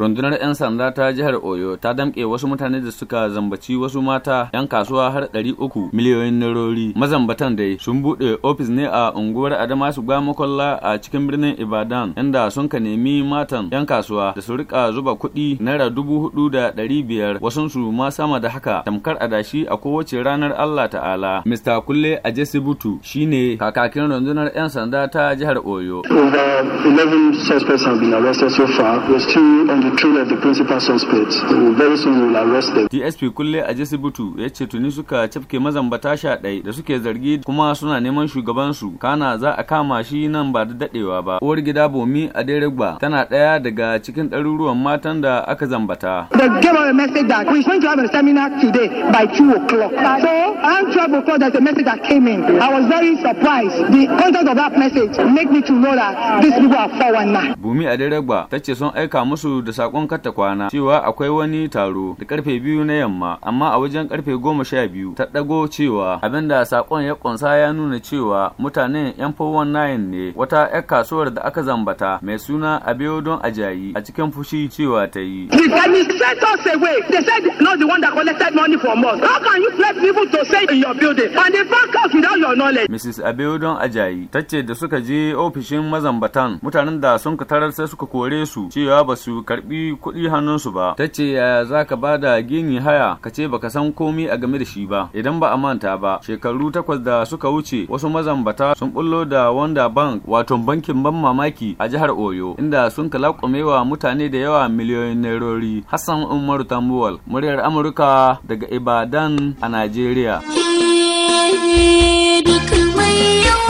rundunar 'yan sanda ta jihar oyo ta damƙe wasu mutane da suka zambaci wasu mata 'yan kasuwa har 300 miliyoyin narori mazambatan dai sun buɗe ofis ne a unguwar adamasu makwalla a cikin birnin ibadan inda sun ka nemi matan 'yan kasuwa da su rika zuba kuɗi naira dubu hudu da ɗari biyar wasunsu ma sama da haka tamkar adashi a kowace ranar allah ta'ala mr kulle a jesibutu shine kakakin rundunar 'yan sanda ta jihar oyo. the trail of the principal DSP kulle a Jesibutu ya ce tuni suka cafke mazambata sha ɗai da suke zargi kuma suna neman shugabansu. Kana za a kama shi nan ba da daɗewa ba. Uwar gida Bomi a Deregba tana ɗaya daga cikin ɗaruruwan matan da aka zambata. They gave us a message that by 2 o'clock. So message that came Bomi a Deregba ta ce sun aika musu da sakon kata kwana cewa akwai wani taro da karfe biyu na yamma amma a wajen karfe goma sha biyu ta dago cewa abinda sakon ya ƙunsa ya nuna cewa mutanen yan fowon nayin ne wata 'yar kasuwar da aka zambata mai suna abiodun ajayi a cikin fushi cewa ta yi. The chemist sent us They said not the one that collected money from us. How can you place people to stay in your building? And the bank us without your knowledge. Mrs. Abiodun Ajayi ta ce da suka je ofishin mazambatan mutanen da sun tarar sai suka kore su cewa ba su karbi kuɗi hannunsu ba. Ta ce yaya za ka ba da gini haya ka ce baka san komi a game da shi ba idan ba a manta ba shekaru takwas da suka wuce wasu mazambata sun bullo da Wanda Bank wato bankin ban mamaki a jihar Oyo inda sun wa mutane da yawa miliyoyin nairori. Hassan umar Tambuwal muryar Amurka daga Ibadan a Najeriya. duk mai yau